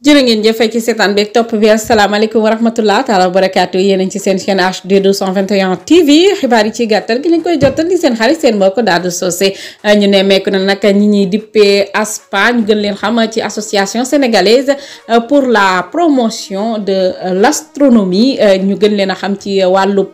jërë ngeen jëfee ci seetaan beeg top bi alaykum wa rahmatullah taala wa barakatuh yéen ci sen chaîne HD 221 TV xibaar ci gattal gi lañ koy jotal di sen xarit seen mbokk do sosé ñu ne nak na nag ñi ñuy dippee ASPA gën leen xam ci association sénégalaise pour la promotion de l'astronomie ñu gën leen xam ci wàllub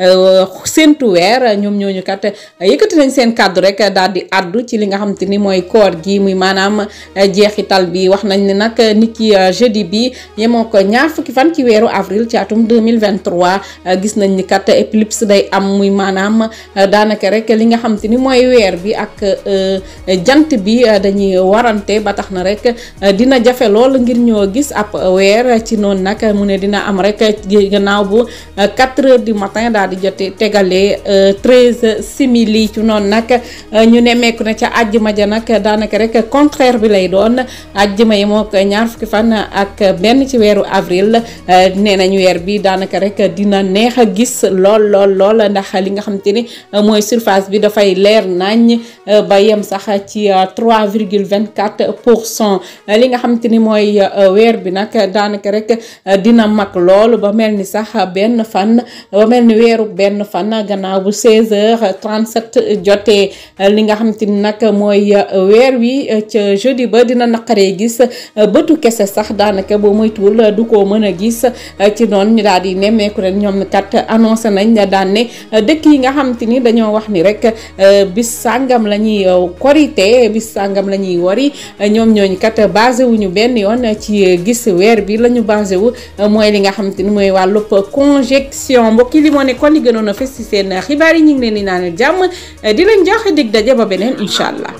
euh, séntu weer ñoom ñooñu kat yëkëti nañ sen cadre rek daal di addu ci li nga xam te ni mooy koor gi muy manam jeexital bi wax nañ ni nak ki ci euh, jeudi bi yemoo ko ñaar fukki fan ci weeru avril ci atum 2023 euh, gis nañ ni kat éclipse day am muy maanaam euh, daanaka rek li nga xam te ni mooy weer bi ak jant bi dañuy warante ba tax na rek dina jafe lool ngir ñoo gis ab weer ci noonu nag mu ne dina am rek gannaaw bu 4 heures du matin daal di jote tegalee 13 simili ci noonu nag ñu nemmeeku na ca àjjuma ja nag daanaka rek contraire bi lay doon àjjuma yi moo ko ñaar fukki fan fan ak benn ci weeru avril eh, nee nañu weer bi daanaka rek dina neex a gis lool lool lool ndax li nga xamante ni eh, mooy surface bi dafay leer nañ eh, ba yem sax ci 3 virgule 24 pour cent li nga xamante ni mooy weer bi nag daanaka rek dina mag lool ba mel ni sax benn fan ba mel ni weeru benn fan gannaaw bu 16 heures 37 jotee li nga xamante ni nag mooy weer wi ca jeudi ba dina naqaree gis bëtu kese sax daanaka boo moytuwul du ko mën a gis eh, ci noonu ñu daal di nemmeeku ren ñoom kat annoncé nañ daan ne dëkk yi nga xam te ni dañoo wax ni rek eh, bis sàngam la ñuy eh, korité bis sàngam la ñuy wari ñoom ñooñu kat basé wuñu benn yoon ci gis weer bi la ñu basé wu mooy li nga xam te ni mooy wàllub conjection mbokki li moo ne kon li gënoon a fes ci seen xibaar yi ñu ngi leen di naan jàmm di leen joxe dig daje ba beneen incha allah.